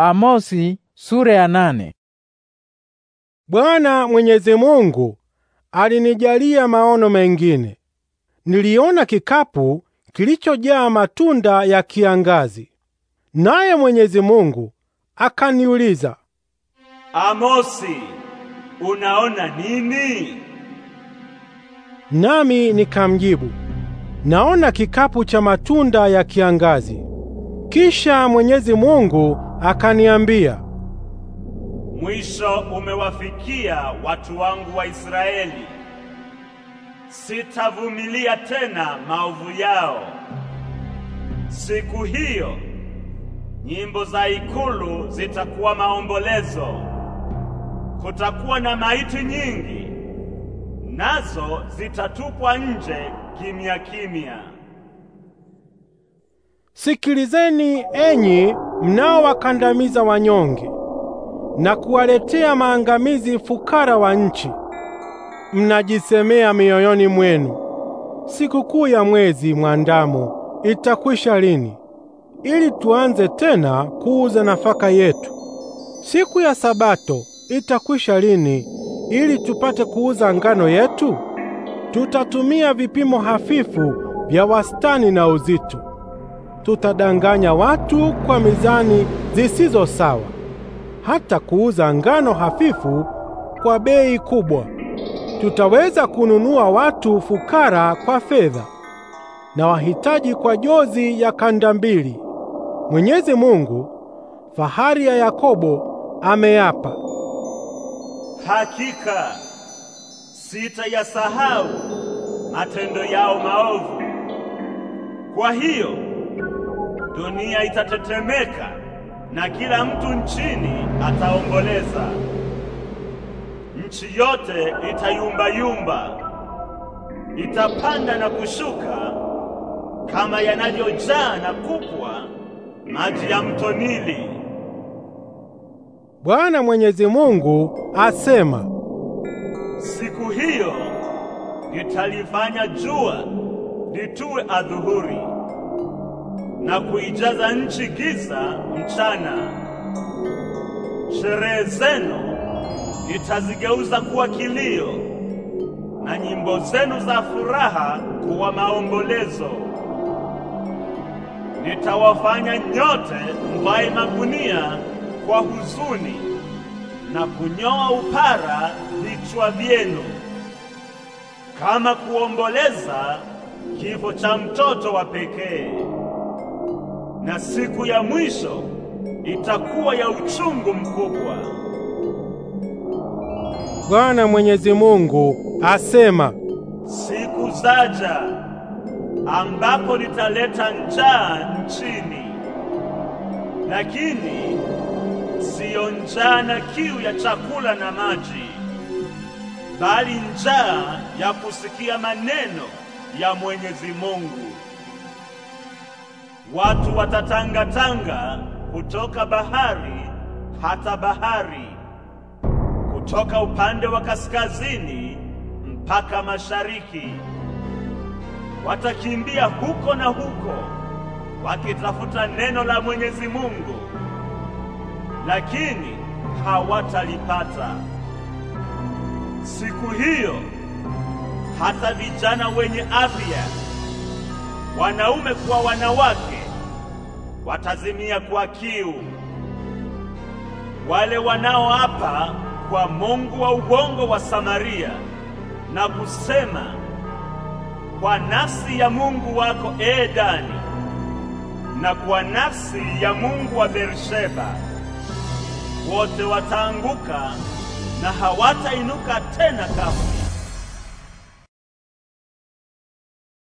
Amosi sura ya nane. Bwana Mwenyezi Mungu alinijalia maono mengine. Niliona kikapu kilichojaa matunda ya kiangazi, naye Mwenyezi Mungu akaniuliza, Amosi, unaona nini? Nami nikamjibu, naona kikapu cha matunda ya kiangazi. Kisha Mwenyezi Mungu akaniambia, mwisho umewafikia watu wangu wa Israeli. Sitavumilia tena maovu yao. Siku hiyo nyimbo za ikulu zitakuwa maombolezo, kutakuwa na maiti nyingi, nazo zitatupwa nje kimya kimya. Sikilizeni enyi mnaowakandamiza wanyonge na kuwaletea maangamizi fukara wa nchi. Mnajisemea mioyoni mwenu, sikukuu ya mwezi mwandamo itakwisha lini, ili tuanze tena kuuza nafaka yetu? Siku ya Sabato itakwisha lini, ili tupate kuuza ngano yetu? Tutatumia vipimo hafifu vya wastani na uzito tutadanganya watu kwa mizani zisizo sawa, hata kuuza ngano hafifu kwa bei kubwa. Tutaweza kununua watu fukara kwa fedha na wahitaji kwa jozi ya kanda mbili. Mwenyezi Mungu, fahari ya Yakobo, ameapa, hakika sitayasahau matendo yao maovu. Kwa hiyo dunia itatetemeka na kila mtu nchini ataomboleza. Nchi yote itayumbayumba, itapanda na kushuka kama yanavyojaa na kupwa maji ya mto Nili. Bwana Mwenyezi Mungu asema, siku hiyo nitalifanya jua litue adhuhuri na kuijaza nchi giza mchana. Sherehe zenu nitazigeuza kuwa kilio na nyimbo zenu za furaha kuwa maombolezo. Nitawafanya nyote mvae magunia kwa huzuni na kunyoa upara vichwa vyenu kama kuomboleza kifo cha mtoto wa pekee na siku ya mwisho itakuwa ya uchungu mkubwa. Bwana Mwenyezi Mungu asema, siku zaja ambapo nitaleta njaa nchini, lakini siyo njaa na kiu ya chakula na maji, bali njaa ya kusikia maneno ya Mwenyezi Mungu watu watatangatanga kutoka bahari hata bahari, kutoka upande wa kaskazini mpaka mashariki. Watakimbia huko na huko wakitafuta neno la Mwenyezi Mungu, lakini hawatalipata. Siku hiyo hata vijana wenye afya, wanaume kwa wanawake watazimia kwa kiu. Wale wanaoapa kwa Mungu wa uongo wa Samaria na kusema kwa nafsi ya Mungu wako ee Dani, na kwa nafsi ya Mungu wa Beersheba, wote wataanguka na hawatainuka tena kamwe.